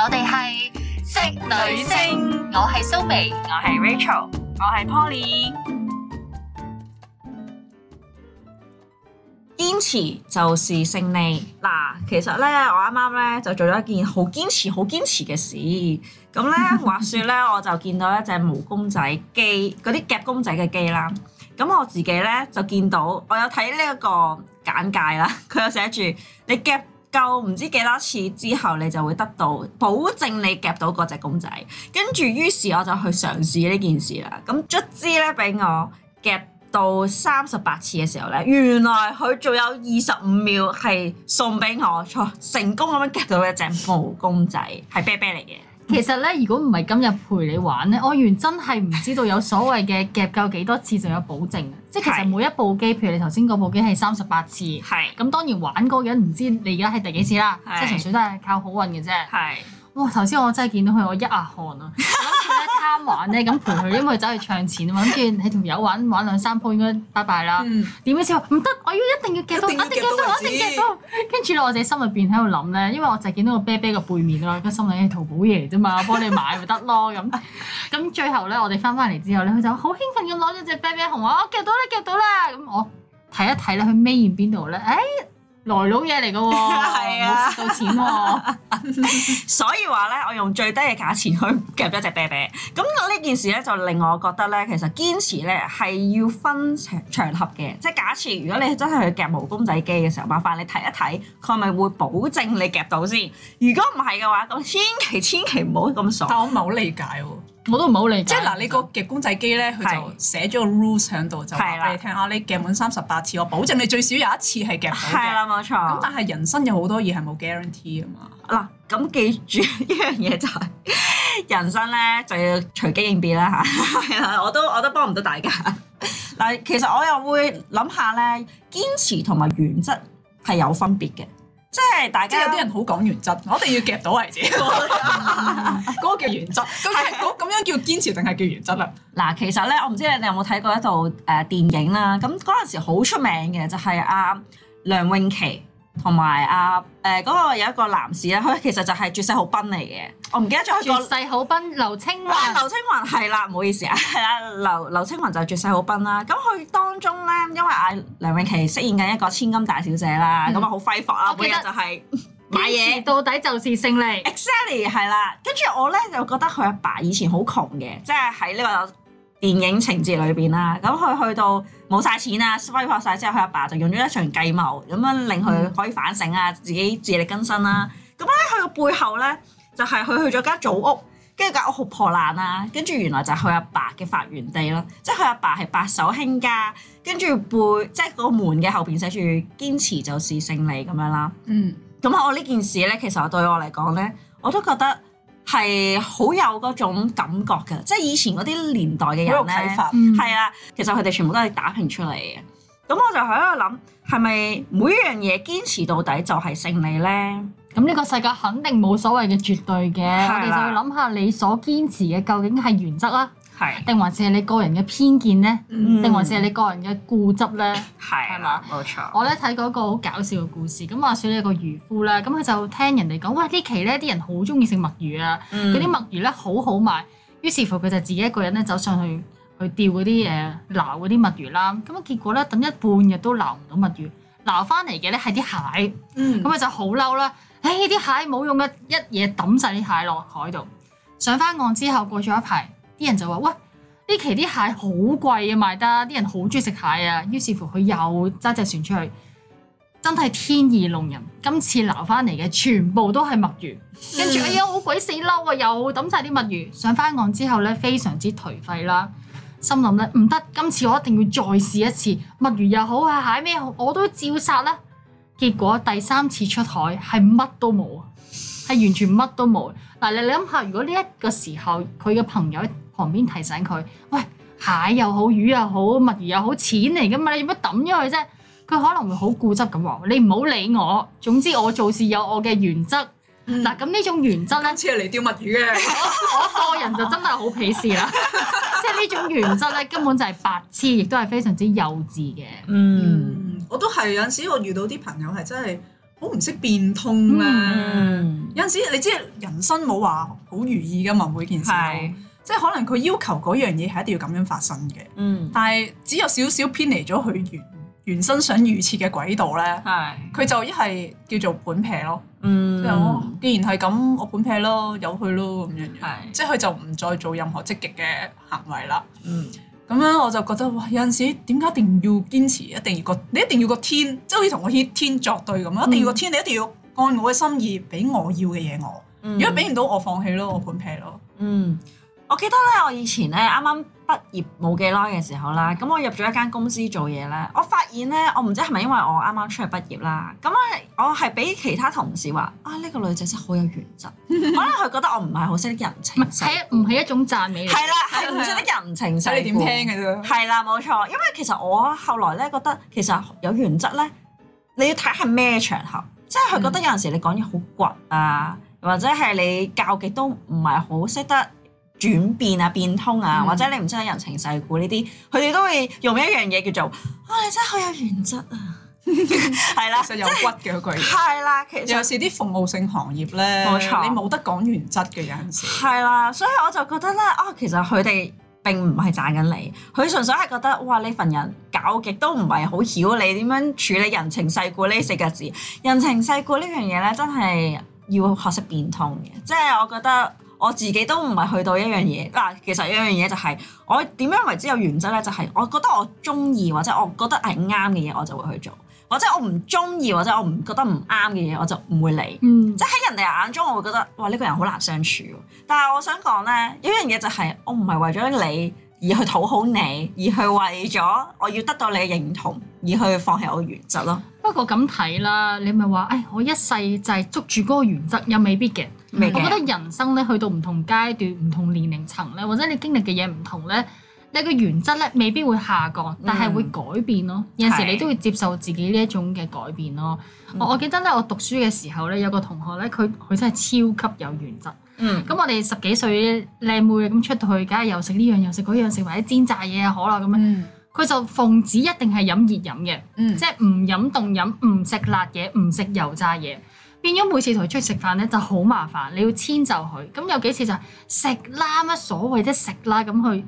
我哋係職女聲，我係蘇眉，我係 Rachel，我係 Poly。堅持就是勝利。嗱，其實咧，我啱啱咧就做咗一件好堅持、好堅持嘅事。咁咧，話說咧，我就見到一隻毛公仔機，嗰啲夾公仔嘅機啦。咁我自己咧就見到，我有睇呢一個簡介啦，佢有寫住你夾。夠唔知幾多次之後，你就會得到保證，你夾到嗰隻公仔。跟住於是我就去嘗試呢件事啦。咁、嗯、卒之咧，俾我夾到三十八次嘅時候咧，原來佢仲有二十五秒係送俾我，錯成功咁樣夾到一隻毛公仔，係啤啤嚟嘅。其實咧，如果唔係今日陪你玩咧，我原來真係唔知道有所謂嘅夾夠幾多次就有保證，即係其實每一部機，譬如你頭先嗰部機係三十八次，咁當然玩嗰個人唔知你而家係第幾次啦，即係純粹都係靠好運嘅啫。哇！頭先、哦、我真係見到佢，我一額汗啊！跟住咧貪玩咧，咁陪佢，因為佢走去唱錢啊嘛。跟住你同友玩玩兩三鋪，應該拜拜啦。點解先？唔得，我要一定要夾到，一定要夾到，一定，要夾，到一定要夾到。跟住咧，我自己心入邊喺度諗咧，因為我就係見到個啤啤個背面啦，跟住心諗係淘寶嘢嚟啫嘛，我幫你買咪得咯咁。咁 最後咧，我哋翻翻嚟之後咧，佢就好興奮咁攞咗隻啤啤熊話：我夾到啦，夾到啦！咁我睇一睇咧，佢匿完邊度咧？誒！來佬嘢嚟㗎喎，冇蝕 是、啊、到錢喎、啊， 所以話咧，我用最低嘅價錢去夾一隻啤啤。咁呢件事咧，就令我覺得咧，其實堅持咧係要分場合嘅。即係假設如果你真係去夾毛公仔機嘅時候，麻煩你睇一睇，佢係咪會保證你夾到先？如果唔係嘅話，咁千祈千祈唔好咁傻。但我唔係好理解喎、啊。 我都唔好理解，即係是嗱，數你個夾公仔機咧，佢是就寫咗個 rules 喺度，就話俾你聽啊，的你夾滿三十八次，我保證你最少有一次係夾到嘅。係啦，冇錯。咁但係人生有好多嘢係冇 guarantee 啊嘛。嗱、啊，咁記住一樣嘢就係、是、人生咧，就要隨機應變啦嚇、啊。我都我都幫唔到大家。嗱、啊，其實我又會諗下咧，堅持同埋原則係有分別嘅。即係大家有啲人好講原則， 我哋要夾到為止。嗰 個叫原則，咁係咁咁樣叫堅持定係叫原則啦。嗱，其實咧，我唔知你哋有冇睇過一套誒電影啦？咁嗰陣時好出名嘅就係阿梁詠琪。同埋啊，誒、呃、嗰、那個有一個男士咧，佢其實就係絕世好賓嚟嘅，我唔記得咗佢絕世好賓，劉青雲。劉青雲係啦，唔好意思啊。係啦，劉劉青雲就絕世好賓啦、啊。咁佢當中咧，因為阿梁詠琪飾演緊一個千金大小姐啦，咁啊好揮霍啦、啊，每日就係買嘢，到底就是勝利。Exactly 係啦，跟住我咧就覺得佢阿爸，爸以前好窮嘅，即係喺呢個。電影情節裏邊啦，咁佢去到冇晒錢啊，揮霍晒之後，佢阿爸，爸就用咗一場計謀，咁樣令佢可以反省啊，自己自力更生啦、啊。咁咧，佢個背後咧，就係、是、佢去咗間祖屋，跟住間屋好破爛啊，跟住原來就係佢阿爸嘅發源地啦。即係佢阿爸係白手興家，跟住背即係、就是、個門嘅後邊寫住堅持就是勝利咁樣啦。嗯，咁我呢件事咧，其實我對我嚟講咧，我都覺得。係好有嗰種感覺嘅，即係以前嗰啲年代嘅人睇法，係啊、嗯，其實佢哋全部都係打拼出嚟嘅。咁我就喺度諗，係咪每樣嘢堅持到底就係勝利咧？咁呢個世界肯定冇所謂嘅絕對嘅，的我哋就要諗下你所堅持嘅究竟係原則啦。係定還是係你個人嘅偏見咧？定還是係你個人嘅固執咧？係，係嘛？冇錯。我咧睇過一個好搞笑嘅故事。咁話説咧，個漁夫咧，咁佢就聽人哋講，喂，呢期咧啲人好中意食墨魚啊，嗰啲墨魚咧好好賣。於是乎佢就自己一個人咧走上去去釣嗰啲嘢，撈嗰啲墨魚啦。咁啊結果咧等一半日都撈唔到墨魚，撈翻嚟嘅咧係啲蟹。咁佢就好嬲啦！誒啲蟹冇用嘅，一嘢抌晒啲蟹落海度。上翻岸之後，過咗一排。啲人就話：喂，呢期啲蟹好貴啊，賣得，啲人好中意食蟹啊。於是乎佢又揸隻船出去，真係天意弄人。今次撈翻嚟嘅全部都係墨魚，嗯、跟住哎呀，好鬼死嬲啊！又抌晒啲墨魚。上翻岸之後咧，非常之頹廢啦。心諗咧，唔得，今次我一定要再試一次，墨魚又好啊，蟹咩好，我都照殺啦。結果第三次出海係乜都冇，係完全乜都冇。嗱，你你諗下，如果呢一個時候佢嘅朋友，旁邊提醒佢：喂，蟹又好，魚又好，墨魚又好，錢嚟噶嘛？你做咩抌咗佢啫？佢可能會好固執咁話：你唔好理我，總之我做事有我嘅原則。嗱，咁呢種原則咧，似係嚟釣墨魚嘅。我個人就真係好鄙視啦，即係呢種原則咧，根本就係白痴，亦都係非常之幼稚嘅。嗯，我都係有陣時，我遇到啲朋友係真係好唔識變通啦。有陣時，你知人生冇話好如意噶嘛？每件事。即係可能佢要求嗰樣嘢係一定要咁樣發生嘅，但係只有少少偏離咗佢原本身想預設嘅軌道咧，佢就一係叫做盤平咯。嗯，既然係咁，我盤平咯，由佢咯咁樣樣。係，即係佢就唔再做任何積極嘅行為啦。嗯，咁樣我就覺得哇，有陣時點解一定要堅持，一定要個你一定要個天，即係好似同我天作對咁樣！一定要個天，你一定要按我嘅心意俾我要嘅嘢我。如果俾唔到，我放棄咯，我盤平咯。嗯。我記得咧，我以前咧，啱啱畢業冇幾耐嘅時候啦，咁我入咗一間公司做嘢咧，我發現咧，我唔知係咪因為我啱啱出去畢業啦，咁我我係俾其他同事話啊，呢、呢個女仔真係好有原則，可能佢覺得我唔係好識得人情，唔係 一種讚美嚟，係啦，係唔識得人情世故，睇你點聽嘅啫，係啦，冇錯，因為其實我後來咧覺得其實有原則咧，你要睇係咩場合，即係佢覺得有陣時你講嘢好倔啊，嗯、或者係你教極都唔係好識得。轉變啊，變通啊，或者你唔識得人情世故呢啲，佢哋都會用一樣嘢叫做，啊你真係好有原則啊，係啦，即係有骨嘅嗰句，係啦，其實有時啲服務性行業咧，你冇得講原則嘅有陣時，係啦，所以我就覺得咧，啊其實佢哋並唔係賺緊你，佢純粹係覺得，哇呢份人搞極都唔係好曉你點樣處理人情世故呢四個字，人情世故呢樣嘢咧真係要學識變通嘅，即係我覺得。我自己都唔係去到一樣嘢嗱，其實一樣嘢就係我點樣為之有原則咧，就係我覺得我中意或者我覺得係啱嘅嘢，我就會去做；或者我唔中意或者我唔覺得唔啱嘅嘢，我就唔會嚟。即係喺人哋眼中，我會覺得哇呢個人好難相處。但係我想講咧，一樣嘢就係我唔係為咗你而去討好你，而去為咗我要得到你嘅認同而去放棄我原則咯。不過咁睇啦，你咪話誒，我一世就係捉住嗰個原則，又未必嘅。嗯、我覺得人生咧，去到唔同階段，唔同年齡層咧，或者你經歷嘅嘢唔同咧，你個原則咧，未必會下降，但係會改變咯。嗯、有時你都會接受自己呢一種嘅改變咯。嗯、我記得咧，我讀書嘅時候咧，有個同學咧，佢佢真係超級有原則。咁、嗯、我哋十幾歲靚妹咁出到去，梗係又食呢樣又食嗰樣，食埋啲煎炸嘢啊、可樂咁樣。佢、嗯、就奉旨一定係飲熱飲嘅，即係唔飲凍飲，唔食辣嘢，唔食油炸嘢。變咗每次同佢出去食飯咧就好麻煩，你要遷就佢。咁有幾次就食、是、啦，乜所謂的食啦，咁佢，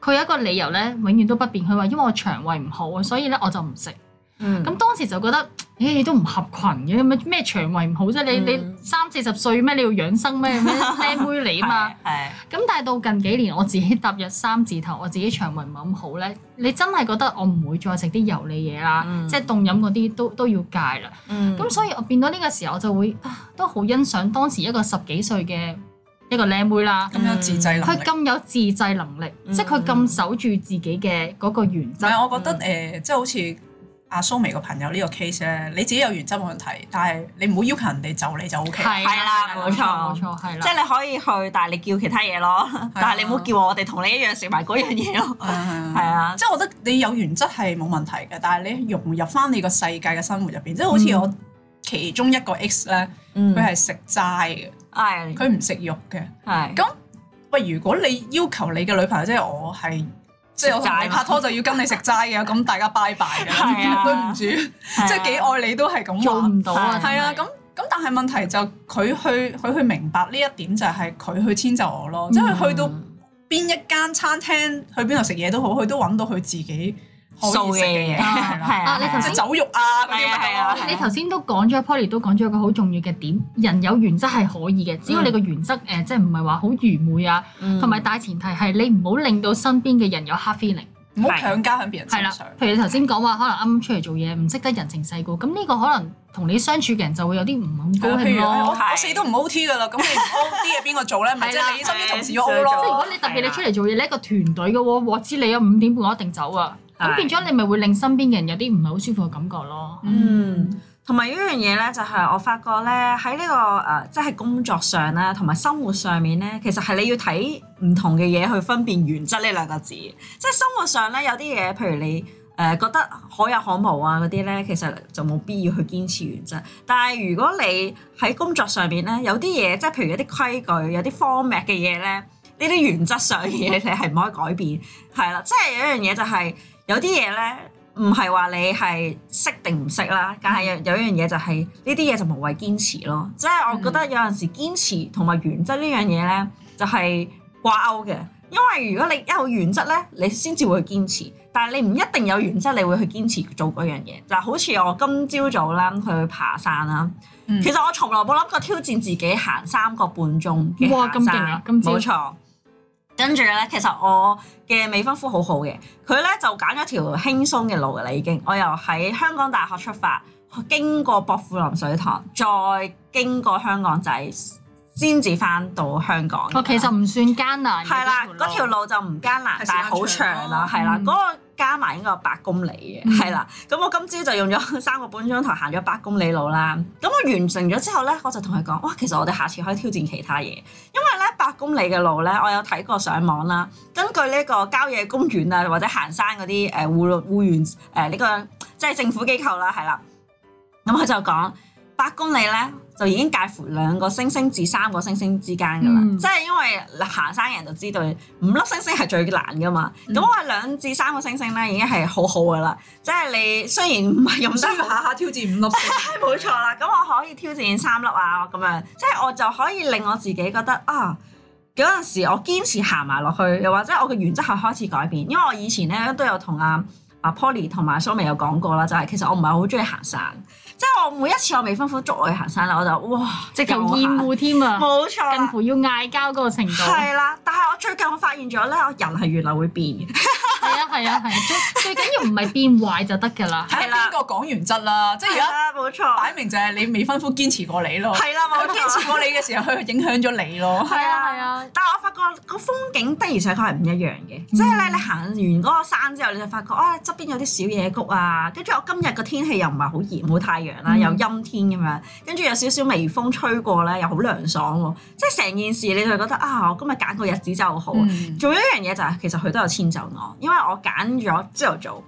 佢有一個理由咧，永遠都不變。佢話因為我腸胃唔好啊，所以咧我就唔食。咁、嗯、當時就覺得。欸、你都唔合群嘅，咩咩腸胃唔好啫？嗯、你你三四十歲咩？你要養生咩？咩靚妹你啊嘛？係。咁但係到近幾年，我自己踏入三字頭，我自己腸胃唔係咁好咧。你真係覺得我唔會再食啲油膩嘢啦，嗯、即係凍飲嗰啲都都要戒啦。咁、嗯、所以我變到呢個時候，我就會都好欣賞當時一個十幾歲嘅一個靚妹啦。咁有自制佢咁有自制能力，即係佢咁守住自己嘅嗰個原則。唔係、嗯，我覺得誒、呃，即係好似。阿蘇眉個朋友呢個 case 咧，你自己有原則冇問題，但係你唔好要求人哋就你就 OK 啦。係啦，冇錯，冇錯，係啦。即係你可以去，但係你叫其他嘢咯。但係你唔好叫我哋同你一樣食埋嗰樣嘢咯。係啊，即係我覺得你有原則係冇問題嘅，但係你融入翻你個世界嘅生活入邊，即係好似我其中一個 ex 咧，佢係食齋嘅，佢唔食肉嘅。係咁喂，如果你要求你嘅女朋友，即係我係。即係我同你拍拖就要跟你食齋嘅，咁 大家拜拜嘅。啊、 對唔住起，啊、 即係幾愛你都係咁做唔到啊！係啊，咁咁但係問題就佢去佢去明白呢一點，就係佢去遷、嗯、就我咯，即係去到邊一間餐廳去邊度食嘢都好，佢都揾到佢自己。數嘅嘢啊！你頭先走肉啊，係啊！你頭先都講咗，Poly 都講咗一個好重要嘅點，人有原則係可以嘅，只要你個原則誒，即係唔係話好愚昧啊，同埋大前提係你唔好令到身邊嘅人有 hard feeling，唔好強加喺別人身上。譬如你頭先講話，可能啱啱出嚟做嘢，唔識得人情世故，咁呢個可能同你相處嘅人就會有啲唔咁高興。我死都唔 O T 㗎啦，咁你 OT 係邊個做咧？即係你身邊同事 O 咯。即係如果你特別你出嚟做嘢，你一個團隊嘅喎，我知你有五點半我一定走啊。咁變咗，你咪會令身邊嘅人有啲唔係好舒服嘅感覺咯。嗯，同埋有一樣嘢咧，就係我發覺咧、這個，喺呢個誒，即係工作上咧，同埋生活上面咧，其實係你要睇唔同嘅嘢去分辨原則呢兩個字。即係生活上咧，有啲嘢，譬如你誒、呃、覺得可有可無啊嗰啲咧，其實就冇必要去堅持原則。但係如果你喺工作上面咧，有啲嘢，即係譬如一啲規矩、有啲 format 嘅嘢咧，呢啲原則上嘅嘢，你係唔可以改變。係啦， 即係有一樣嘢就係、是。有啲嘢咧，唔係話你係識定唔識啦，但係有有一樣嘢就係呢啲嘢就無謂堅持咯。即係我覺得有陣時堅持同埋原則呢樣嘢咧，就係、是、掛鈎嘅。因為如果你一有原則咧，你先至會去堅持。但係你唔一定有原則，你會去堅持做嗰樣嘢。就好似我今朝早啦去爬山啦、啊，嗯、其實我從來冇諗過挑戰自己行三個半鐘嘅爬山。冇錯。跟住咧，其實我嘅未婚夫好好嘅，佢咧就揀咗條輕鬆嘅路啦，已經。我由喺香港大學出發，經過薄扶林水塘，再經過香港仔，先至返到香港。哦，其實唔算艱難。係、嗯、啦，嗰條路就唔艱難，但係好長啦。係啦，嗰加埋應該有百公里嘅，係啦。咁我今朝就用咗三個半鐘頭行咗百公里路啦。咁我完成咗之後咧，我就同佢講：哇，其實我哋下次可以挑戰其他嘢，因為咧百公里嘅路咧，我有睇過上網啦。根據呢個郊野公園啊，或者行山嗰啲誒護護員誒呢個即係政府機構啦，係啦。咁佢就講。百公里咧就已經介乎兩個星星至三個星星之間噶啦，嗯、即係因為行山嘅人就知道五粒星星係最難噶嘛。咁、嗯、我兩至三個星星咧已經係好好噶啦，即係你雖然唔係咁得，下下、嗯、挑戰五粒星，星，冇 錯啦。咁我可以挑戰三粒啊，咁樣即係我就可以令我自己覺得啊，嗰陣時我堅持行埋落去，又或者我嘅原則係開始改變，因為我以前咧都有同阿、啊、阿、啊、Polly 同、啊、埋 Summer 有講過啦，就係、是、其實我唔係好中意行山。即係我每一次我未婚夫捉我去行山啦，我就哇，直頭厭惡添啊，冇錯，近乎要嗌交嗰個程度。係啦，但係我最近我發現咗咧，我人係原來會變嘅。 係啊係，啊，最緊要唔係變壞就得㗎啦。係邊個講原則啦？即係而家，冇、啊、錯，擺明就係你未婚夫堅持過你咯。係啦、啊，冇堅持過你嘅時候，佢影響咗你咯。係啊係啊，啊啊但係我發覺個風景，的而且確係唔一樣嘅。嗯、即係咧，你行完嗰個山之後，你就發覺，哇側、嗯啊、邊有啲小野谷啊，跟住我今日個天氣又唔係好熱，好太陽啦，又、啊嗯、陰天咁、啊、樣，跟住有少少微風吹過咧，又好涼爽喎、啊。即係成件事，你就覺得啊，我今日揀個日子就好、啊。仲、嗯、有一樣嘢就係、是，其實佢都有遷就我，因為我。揀咗朝頭早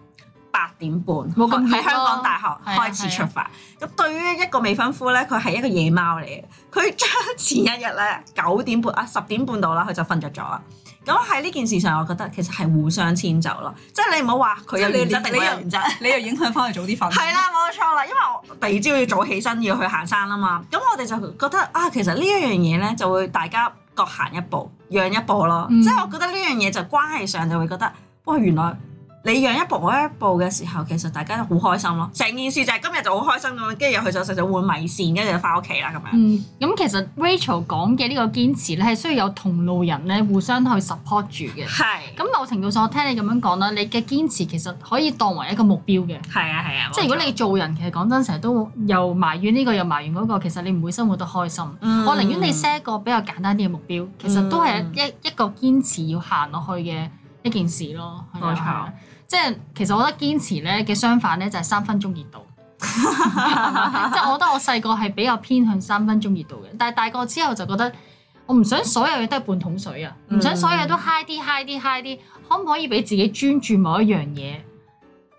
八點半，冇咁喺香港大學開始出發。咁對於一個未婚夫咧，佢係一個夜貓嚟嘅。佢將前一日咧九點半啊十點半到啦，佢就瞓着咗啦。咁喺呢件事上，我覺得其實係互相遷就咯。即係你唔好話佢有原則，你又有則，你又影響翻去早啲瞓。係啦， 冇錯啦，因為我第二朝要早起身要去行山啦嘛。咁我哋就覺得啊，其實呢一樣嘢咧就會大家各行一步，讓一步咯。嗯、即係我覺得呢樣嘢就關係上就會覺得。哇、哦！原來你讓一步我一步嘅時候，其實大家都好開心咯。成件事就係今日就好開心，咁跟住又去咗食就碗米線，跟住就翻屋企啦咁樣。咁、嗯嗯、其實 Rachel 講嘅呢個堅持咧，係需要有同路人咧互相去 support 住嘅。係是。咁某程度上，我聽你咁樣講啦，你嘅堅持其實可以當為一個目標嘅。係啊係啊。啊即係如果你做人錯其實講真，成日都埋、這個、又埋怨呢個又埋怨嗰個，其實你唔會生活得開心。嗯、我寧願你 set 一個比較簡單啲嘅目標，其實都係一一個堅持要行落去嘅。一件事咯，即係冇錯，其實我覺得堅持咧嘅相反咧就係三分鐘熱度。即係 我覺得我細個係比較偏向三分鐘熱度嘅，但係大個之後就覺得我唔想所有嘢都係半桶水啊，唔想所有嘢都 high 啲 high 啲 high 啲，可唔可以俾自己專注某一樣嘢？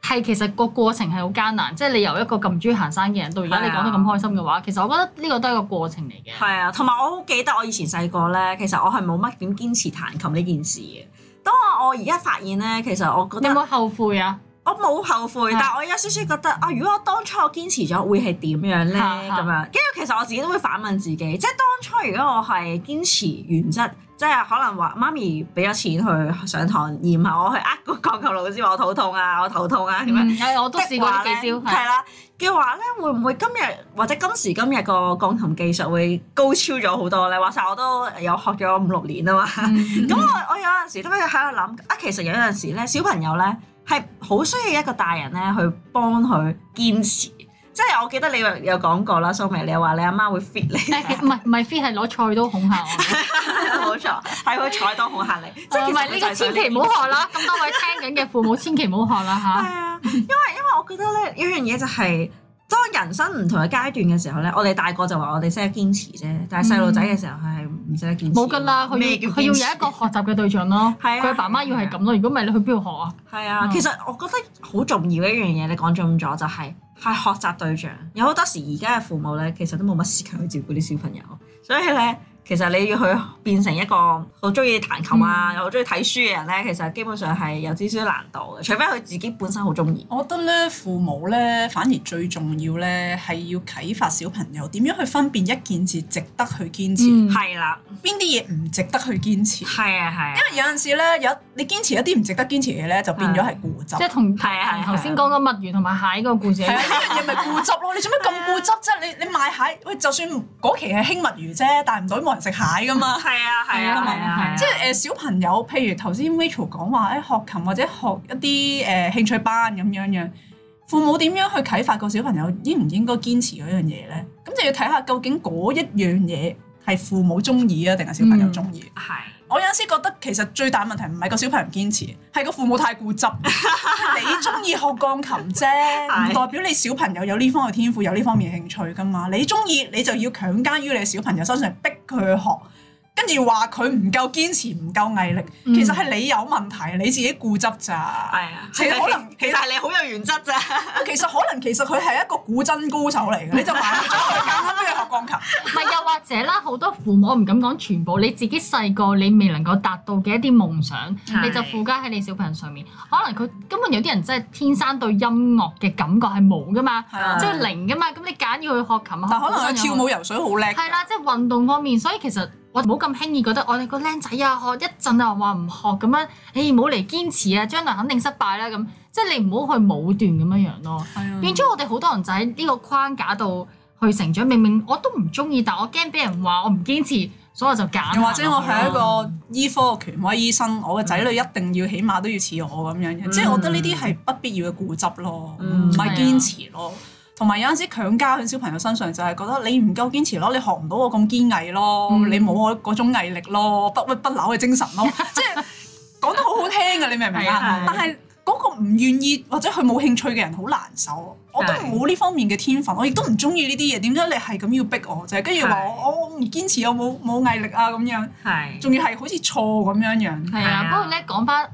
係其實個過程係好艱難，即係你由一個咁唔中意行山嘅人到而家你講得咁開心嘅話，係。其實我覺得呢個都係一個過程嚟嘅。係啊，同埋我好記得我以前細個咧，其實我係冇乜點堅持彈琴呢件事嘅。當我而家發現咧，其實我覺得有冇後悔啊？我冇後悔，但係我有少少覺得啊，如果我當初我堅持咗，會係點樣咧？咁是的 樣，跟住其實我自己都會反問自己，即係當初如果我係堅持原則。即係可能話媽咪俾咗錢去上堂，而唔係我去呃個鋼琴老師話我肚痛啊，我肚痛啊咁、嗯、樣。我都試過嘅，係啦嘅話咧，會唔會今日或者今時今日個鋼琴技術會高超咗好多咧？話晒我都有學咗五六年啊嘛。咁、嗯、 我我有陣時都喺度諗啊，其實有陣時咧，小朋友咧係好需要一個大人咧去幫佢堅持。即係我記得你有講過啦，蘇明，你又話你阿媽會 fit 你，唔係唔係 fit，係攞菜刀恐嚇我。冇錯，係佢菜刀恐嚇你。即係唔係呢個千祈唔好學啦！咁多位聽緊嘅父母千祈唔好學啦嚇。係啊，因為因為我覺得咧有樣嘢就係。當人生唔同嘅階段嘅時候咧，我哋大個就話我哋識得堅持啫，但係細路仔嘅時候係唔識得堅持。冇㗎啦，佢要佢要有一個學習嘅對象咯。係 啊，佢爸媽要係咁咯。如果唔係，你去邊度學啊？係啊，嗯、其實我覺得好重要嘅一樣嘢，你講中咗就係、係、係學習對象。有好多時而家嘅父母咧，其實都冇乜時間去照顧啲小朋友，所以咧。其實你要去變成一個好中意彈琴啊，又好中意睇書嘅人咧，其實基本上係有少少難度嘅，除非佢自己本身好中意。我覺得咧父母咧，反而最重要咧，係要啟發小朋友點樣去分辨一件事值得去堅持。係啦，邊啲嘢唔值得去堅持？係啊，係啊。因為有陣時咧，有你堅持一啲唔值得堅持嘅嘢咧，就變咗係固執。即係同係係頭先講嘅墨魚同埋蟹嗰個固執。係啊，呢樣嘢咪固執咯？你做咩咁固執啫？你你買蟹喂，就算嗰期係興墨魚啫，但唔到食蟹噶嘛，係啊係啊，啊。啊啊啊 即係誒、呃、小朋友，譬如頭先 Rachel 講話誒學琴或者學一啲誒、呃、興趣班咁樣樣，父母點樣去啟發個小朋友應唔應該堅持嗰樣嘢咧？咁就要睇下究竟嗰一樣嘢係父母鍾意啊，定係小朋友鍾意。係、嗯。我有陣時覺得其實最大問題唔係個小朋友唔堅持，係個父母太固執。 你中意學鋼琴啫，唔代表你小朋友有呢方面嘅天賦，有呢方面嘅興趣㗎嘛。你中意，你就要強加於你小朋友身上，逼佢去學。跟住話佢唔夠堅持，唔夠毅力，其實係你有問題，你自己固執咋。係啊，其實可能其實係你好有原則咋。其實可能其實佢係一個古箏高手嚟嘅，你就買咗佢揀咁學鋼琴。唔係又或者啦，好多父母唔敢講全部，你自己細個你未能夠達到嘅一啲夢想，你就附加喺你小朋友上面。可能佢根本有啲人真係天生對音樂嘅感覺係冇㗎嘛，即係零㗎嘛。咁你揀要去學琴但可能佢跳舞游水好叻。係啦，即係運動方面，所以其實。我唔好咁輕易覺得我哋個僆仔啊學一陣就話唔學咁樣，誒冇嚟堅持啊，將來肯定失敗啦咁。即係你唔好去武斷咁樣樣咯，的變咗我哋好多人就喺呢個框架度去成長。明明我都唔中意，但我驚俾人話我唔堅持，所以我就揀。又或者我係一個醫科嘅權威醫生，我嘅仔女一定要起碼都要似我咁樣。即係、嗯、我覺得呢啲係不必要嘅固執咯，唔係、嗯、堅持咯。的同埋有陣時強加喺小朋友身上，就係覺得你唔夠堅持咯，你學唔到我咁堅毅咯，嗯、你冇我嗰種毅力咯，不屈不撓嘅精神咯， 即係講得好好聽嘅，你明唔明啊？是是但係嗰個唔願意或者佢冇興趣嘅人好難受，我都冇呢方面嘅天分，我亦都唔中意呢啲嘢，點解你係咁要逼我啫？跟住話我是 我唔堅持，我冇冇毅力啊咁樣，係，仲要係好似錯咁樣樣，係啊。不過咧，講翻。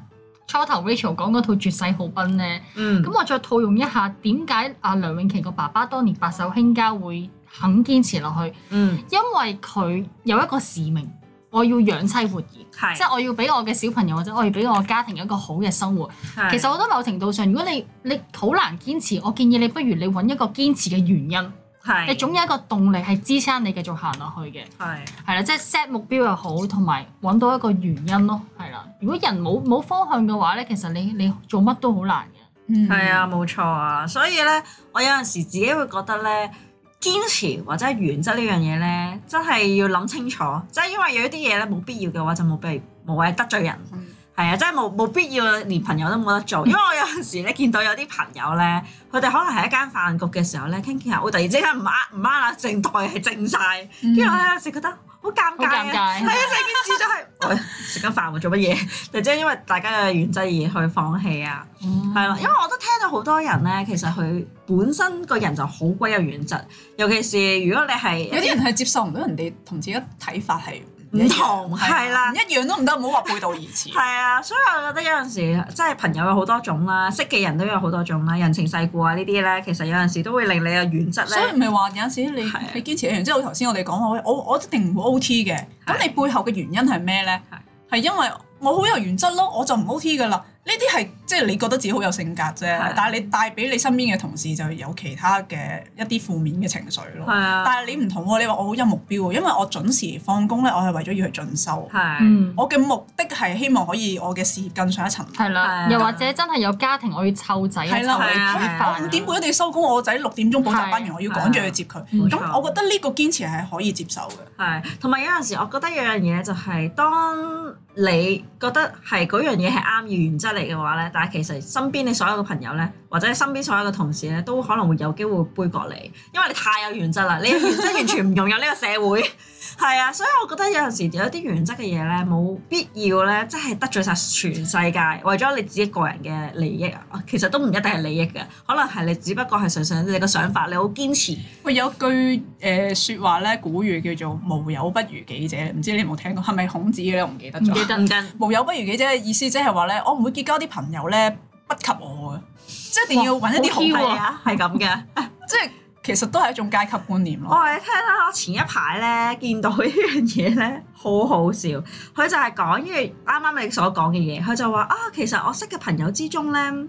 初頭 Rachel 講嗰套絕世好奔咧，咁、嗯、我再套用一下，點解阿梁詠琪個爸爸當年白手興家會肯堅持落去？嗯、因為佢有一個使命，我要養妻活兒，是即係我要俾我嘅小朋友或者我要俾我家庭一個好嘅生活。是其實我覺得某程度上，如果你你好難堅持，我建議你不如你揾一個堅持嘅原因。是你總有一個動力係支撐你繼續行落去嘅，係係啦，即係 set 目標又好，同埋揾到一個原因咯，係啦。如果人冇冇方向嘅話咧，其實你你做乜都好難嘅。嗯，係啊，冇錯啊。所以咧，我有陣時自己會覺得咧，堅持或者係原則呢樣嘢咧，真係要諗清楚。即、就、係、是、因為有一啲嘢咧冇必要嘅話就要，就冇俾無謂得罪人。嗯。係啊，真係冇冇必要，連朋友都冇得做，因為我有陣時咧見到有啲朋友咧，佢哋可能喺一間飯局嘅時候咧，傾傾下會突然之間唔啱唔啱啦，成台係靜晒，跟住、嗯、我有陣時覺得好尷尬，啊，係啊，成件事就係食緊飯喎，做乜嘢？或者因為大家嘅原則而去放棄啊？係咯、嗯，因為我都聽到好多人咧，其實佢本身個人就好鬼有原則，尤其是如果你係有啲人係接受唔到人哋同自己嘅睇法係，唔同係啦，的一樣都唔得，唔好話背道而馳。係啊， 所以我覺得有陣時，即係朋友有好多種啦，識嘅人都有好多種啦，人情世故啊呢啲咧，其實有陣時都會令你有原則咧。所以唔係話有陣時你你堅持一樣，即係我頭先我哋講話，我我一定唔會 O T 嘅。咁你背後嘅原因係咩咧？係因為我好有原則咯，我就唔 O T 噶啦。呢啲係。即係你覺得自己好有性格啫，但係你帶俾你身邊嘅同事就有其他嘅一啲負面嘅情緒咯。但係你唔同喎，你話我好有目標，因為我準時放工呢，我係為咗要去進修。我嘅目的係希望可以我嘅事業更上一層。又或者真係有家庭，我要湊仔一齊去煮飯。五點半一定要收工，我仔六點鐘補習班完，我要趕住去接佢。咁我覺得呢個堅持係可以接受嘅。同埋有陣時，我覺得有樣嘢就係，當你覺得係嗰樣嘢係啱嘅原則嚟嘅話呢。但其實身邊你所有嘅朋友咧，或者身邊所有嘅同事咧，都可能會有機會杯葛你，因為你太有原則啦，你即係完全唔融入呢個社會。 係啊，所以我覺得有陣時有啲原則嘅嘢咧，冇必要咧，即係得罪晒全世界，為咗你自己個人嘅利益啊，其實都唔一定係利益嘅，可能係你只不過係純粹你個想法，你好堅持。喂，有一句誒説、呃、話咧，古語叫做無友不如己者，唔知你有冇聽過？係咪孔子咧？我唔記得咗。唔記得。唔跟。無友不如己者意思即係話咧，我唔會結交啲朋友咧，不及我嘅，即係一定要揾一啲兄弟啊，係咁嘅，即係、啊。其實都係一種階級觀念咯。我哋、哦、聽下我前一排咧見到呢樣嘢咧，好好笑。佢就係講啱啱你所講嘅嘢。佢就話啊、哦，其實我識嘅朋友之中咧，誒、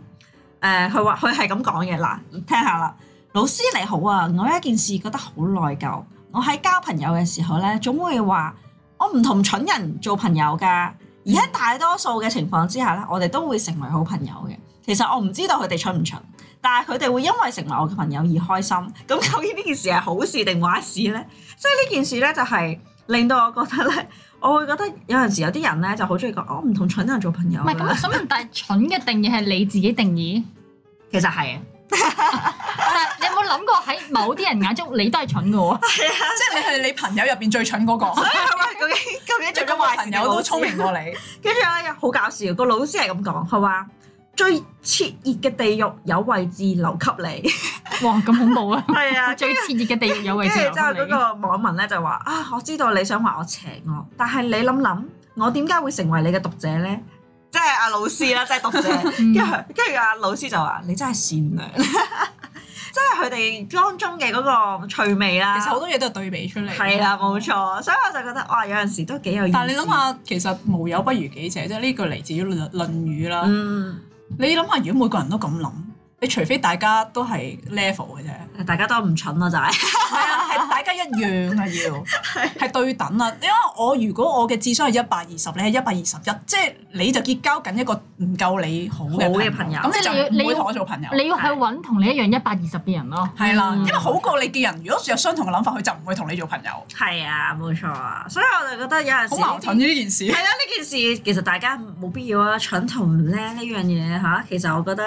呃，佢話佢係咁講嘅嗱，聽下啦。老師你好啊，我有一件事覺得好內疚。我喺交朋友嘅時候咧，總會話我唔同蠢人做朋友㗎。而喺大多數嘅情況之下咧，我哋都會成為好朋友嘅。其實我唔知道佢哋蠢唔蠢。但係佢哋會因為成為我嘅朋友而開心，咁究竟呢件事係好事定壞事咧？即係呢件事咧就係令到我覺得咧，我會覺得有陣時有啲人咧就好鍾意講，我、oh, 唔同蠢人做朋友。唔係咁想問，但係蠢嘅定義係你自己定義，其實係。 但係、um、 你有冇諗過喺某啲人眼中你都係蠢嘅喎？啊，即係你係你朋友入邊最蠢嗰個。究竟究竟做咗朋友都聰明過你？跟住啊，好搞笑，個老師係咁講，好嘛？最熾熱嘅地獄有位置留給你，哇，咁恐怖 啊！係啊，最熾熱嘅地獄有位置留你。跟住之後嗰個網民咧就話：啊，我知道你想話我邪惡，但係你諗諗，我點解會成為你嘅讀者咧？即係阿、啊、老師啦，即係讀者。跟住跟住阿老師就話： 你真係善良， 即係佢哋當中嘅嗰個趣味啦、啊。其實好多嘢都係對比出嚟。係啦、 啊，冇錯。所以我就覺得哇，有陣時都幾有意思。但係你諗下，其實無友不如己者，即係呢句嚟自於《論論語》啦。嗯。你諗下，如果每個人都咁諗？你除非大家都係 level 嘅啫，大家都唔蠢啦，就係係啊，係 大家一樣啊，要係 對等啊，因為我如果我嘅智商係一百二十，你係一百二十一，即係你就結交緊一個唔夠你好嘅朋友，咁你就唔會你要你要同我做朋友。你要係揾同你一樣一百二十嘅人咯、啊。係啦、啊，嗯、因為好過你嘅人，如果有相同嘅諗法，佢就唔會同你做朋友。係、嗯、啊，冇錯、啊。所以我就覺得有陣時好麻煩呢件事。係啊，呢件事其實大家冇必要啊，蠢同唔叻呢樣嘢嚇，其實我覺得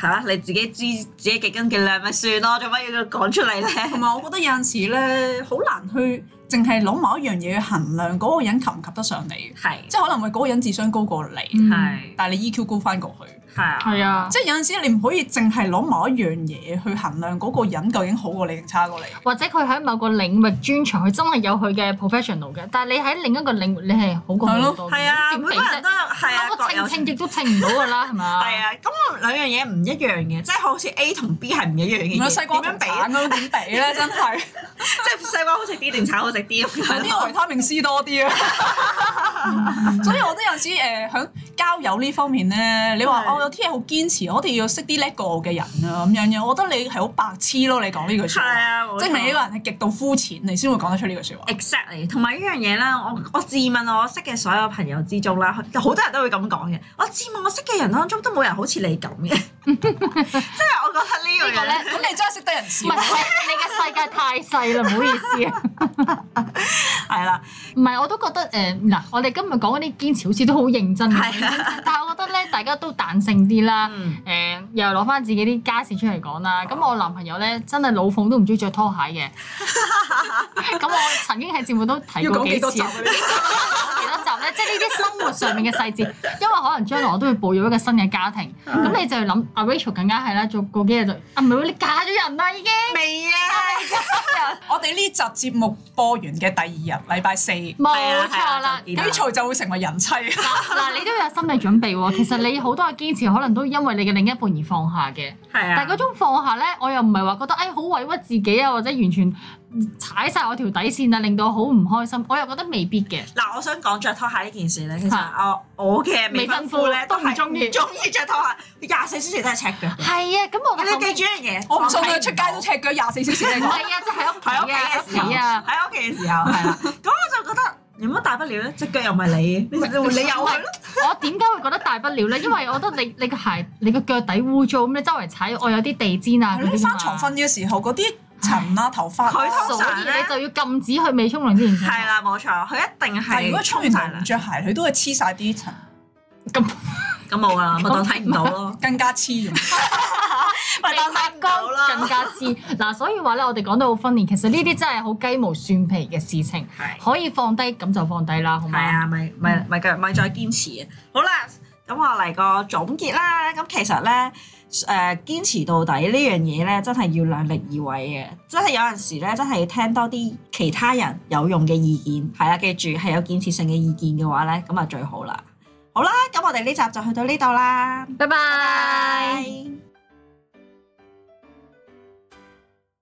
嚇、啊、你自己知自己幾斤幾兩咪算咯，做乜嘢要講出嚟咧？同埋我覺得有陣時咧，好難去淨係攞某一樣嘢去衡量嗰、嗰個人及唔及得上你，係是即係可能係嗰個人智商高過你，係、嗯、是但係你 EQ 高翻過去。係啊，即係有陣時你唔可以淨係攞某一樣嘢去衡量嗰個人究竟好過你定差過你。或者佢喺某個領域專長，佢真係有佢嘅 professional 嘅。但係你喺另一個領域，你係好過好多，係啊，好多人都係啊，清清亦都清唔到㗎啦，係嘛？係啊，咁兩樣嘢唔一樣嘅，即係好似 A 同 B 係唔一樣嘅。唔係細個好食 B 定差好食啲呢，呢個維他命 C 多啲啊？所以我都有時誒，響交友呢方面咧，你話我有啲嘢好堅持，我哋要識啲叻過我嘅人啊咁樣樣。我覺得你係好白痴咯，你講呢句説話，即係、 嗯、你呢個人係極度膚淺，你先會講得出呢句説話。Exactly。同埋呢樣嘢咧，我我自問我識嘅所有朋友之中啦，好多人都會咁講嘅。我自問我識嘅人當中都冇人好似你咁嘅。 即係我覺得呢個咧，咁你真係識得人笑，你嘅世界太細啦，唔好意思。係啦，唔係我都覺得誒嗱，我哋今日講嗰啲堅持好似都好認真嘅，但係我覺得咧，大家都彈性啲啦。誒，又攞翻自己啲家事出嚟講啦。咁我男朋友咧真係老奉都唔中意着拖鞋嘅。咁我曾經喺節目都提過幾多次，幾多集咧？即係呢啲生活上面嘅細節，因為可能將來我都要步入一個新嘅家庭，咁你就諗。阿 Rachel 更加係啦，做過幾日就，啊唔係你嫁咗人啦已經了了。未啊， 我哋呢集節目播完嘅第二日，禮拜四。冇錯啦，Rachel 就，就會成為人妻。嗱 你都有心理準備喎。其實你好多嘅堅持，可能都因為你嘅另一半而放下嘅。係啊。但係嗰種放下咧，我又唔係話覺得，誒、哎、好委屈自己啊，或者完全。踩晒我條底線啦，令到我好唔開心。我又覺得未必嘅。嗱，我想講着拖鞋呢件事咧，其實我我嘅未婚夫咧都唔中意中意著拖鞋，廿四小時都係赤腳。係啊，咁我你記住一樣嘢，我唔送佢出街都赤腳，廿四小時都係。係啊，就喺屋企嘅時候，喺屋企嘅時候係啦。咁我就覺得有乜大不了咧？隻腳又唔係你，你又唔係。我點解會覺得大不了咧？因為我覺得你你個鞋你個腳底，污糟，咁你周圍踩我有啲地氈啊，你啲嘛。上床瞓嘅時候嗰啲。塵啦，頭髮，佢所以你就要禁止佢未沖涼之前。係啦，冇錯，佢一定係。如果沖完涼唔着鞋，佢都會黐晒啲塵。咁咁冇啊，咪當睇唔到咯，更加黐，咪當甩乾啦，更加黐。嗱，所以話咧，我哋講到好訓練，其實呢啲真係好雞毛蒜皮嘅事情，係可以放低，咁就放低啦，好嘛？係啊，咪咪咪咪再堅持。好啦，咁我嚟個總結啦。咁其實咧。誒、呃、堅持到底呢樣嘢咧，真係要量力而為嘅。真係有陣時咧，真係要聽多啲其他人有用嘅意見。係啦、啊，記住係有建設性嘅意見嘅話咧，咁啊最好啦。好啦，咁我哋呢集就去到呢度啦。拜拜。